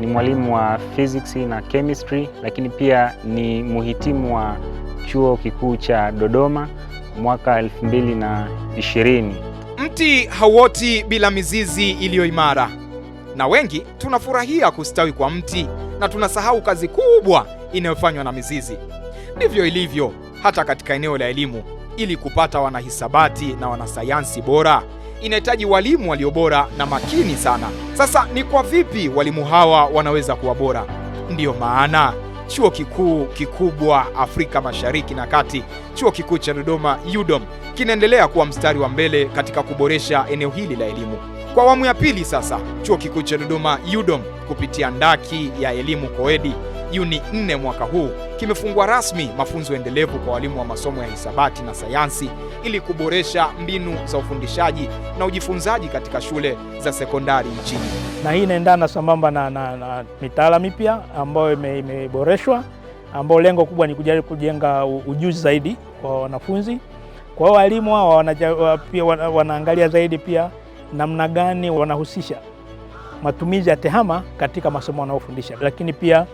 ni mwalimu wa physics na chemistry, lakini pia ni muhitimu wa chuo kikuu cha Dodoma mwaka 2020. Mti hauoti bila mizizi iliyo imara, na wengi tunafurahia kustawi kwa mti na tunasahau kazi kubwa inayofanywa na mizizi. Ndivyo ilivyo hata katika eneo la elimu. Ili kupata wanahisabati na wanasayansi bora inahitaji walimu walio bora na makini sana. Sasa ni kwa vipi walimu hawa wanaweza kuwa bora? Ndiyo maana chuo kikuu kikubwa Afrika Mashariki na Kati, chuo kikuu cha Dodoma UDOM, kinaendelea kuwa mstari wa mbele katika kuboresha eneo hili la elimu. Kwa awamu ya pili sasa, chuo kikuu cha Dodoma UDOM kupitia ndaki ya elimu koedi Juni 4 mwaka huu kimefungua rasmi mafunzo endelevu kwa walimu wa masomo ya hisabati na sayansi ili kuboresha mbinu za ufundishaji na ujifunzaji katika shule za sekondari nchini. Na hii inaendana sambamba na, na, na mitaala mipya ambayo imeboreshwa ambayo lengo kubwa ni kujaribu kujenga ujuzi zaidi kwa wanafunzi. Kwa hiyo walimu hawa pia wanaangalia zaidi pia namna gani wanahusisha matumizi ya tehama katika masomo wanayofundisha, lakini pia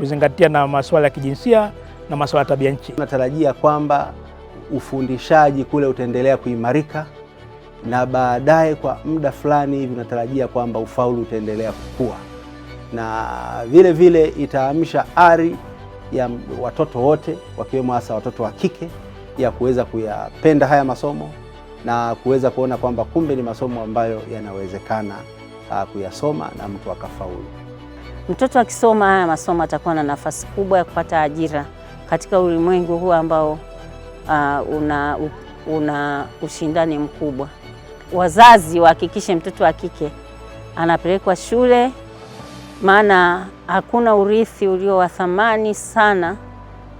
kuzingatia na masuala ya kijinsia na masuala ya tabia nchi. Tunatarajia kwamba ufundishaji kule utaendelea kuimarika na baadaye kwa muda fulani hivi tunatarajia kwamba ufaulu utaendelea kukua na vile vile itaamsha ari ya watoto wote wakiwemo hasa watoto wa kike ya kuweza kuyapenda haya masomo na kuweza kuona kwamba kumbe ni masomo ambayo yanawezekana ah, kuyasoma na mtu akafaulu. Mtoto akisoma haya masomo atakuwa na nafasi kubwa ya kupata ajira katika ulimwengu huu ambao uh, una, una ushindani mkubwa. Wazazi wahakikishe mtoto wa kike anapelekwa shule, maana hakuna urithi ulio wa thamani sana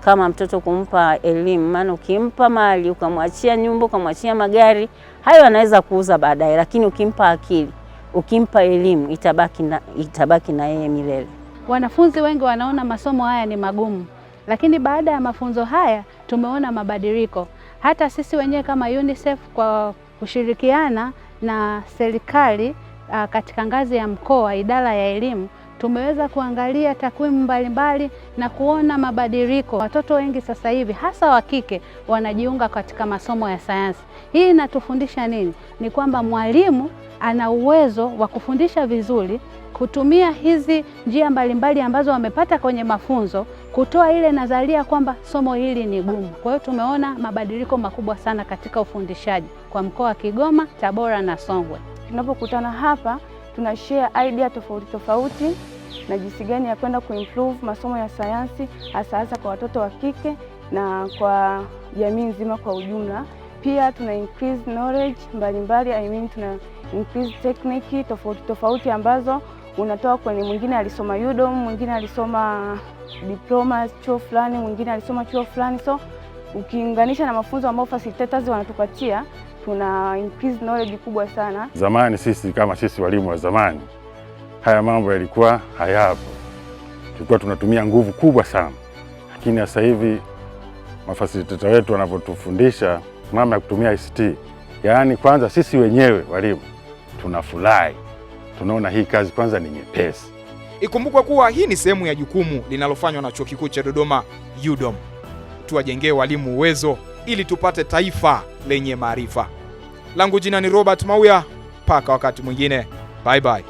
kama mtoto kumpa elimu. Maana ukimpa mali, ukamwachia nyumba, ukamwachia magari, hayo anaweza kuuza baadaye, lakini ukimpa akili ukimpa elimu itabaki na, itabaki na yeye milele. Wanafunzi wengi wanaona masomo haya ni magumu, lakini baada ya mafunzo haya tumeona mabadiliko. Hata sisi wenyewe kama UNICEF kwa kushirikiana na serikali ah, katika ngazi ya mkoa, idara ya elimu tumeweza kuangalia takwimu mbalimbali na kuona mabadiliko. Watoto wengi sasa hivi hasa wa kike wanajiunga katika masomo ya sayansi. Hii inatufundisha nini? Ni kwamba mwalimu ana uwezo wa kufundisha vizuri, kutumia hizi njia mbalimbali ambazo wamepata kwenye mafunzo, kutoa ile nadharia kwamba somo hili ni gumu. Kwa hiyo tumeona mabadiliko makubwa sana katika ufundishaji kwa mkoa wa Kigoma, Tabora na Songwe. Tunapokutana hapa tuna share idea tofauti tofauti na jinsi gani ya kwenda kuimprove masomo ya sayansi hasa hasa kwa watoto wa kike na kwa jamii nzima kwa ujumla. Pia tuna increase knowledge mbalimbali mbali, I mean, tuna increase technique tofauti tofauti ambazo unatoa kwenye, mwingine alisoma UDOM, mwingine alisoma diploma chuo fulani, mwingine alisoma chuo fulani, so ukiunganisha na mafunzo ambayo facilitators wanatupatia tuna increase knowledge kubwa sana. Zamani sisi kama sisi walimu wa zamani, haya mambo yalikuwa hayapo, tulikuwa tunatumia nguvu kubwa sana, lakini sasa hivi mafasilitata wetu wanavyotufundisha mama ya kutumia ICT, yaani kwanza sisi wenyewe walimu tunafurahi, tunaona hii kazi kwanza ni nyepesi. Ikumbukwe kuwa hii ni sehemu ya jukumu linalofanywa na Chuo Kikuu cha Dodoma UDOM, tuwajengee walimu uwezo ili tupate taifa lenye maarifa. Langu jina ni Robert Mauya, mpaka wakati mwingine, bye bye.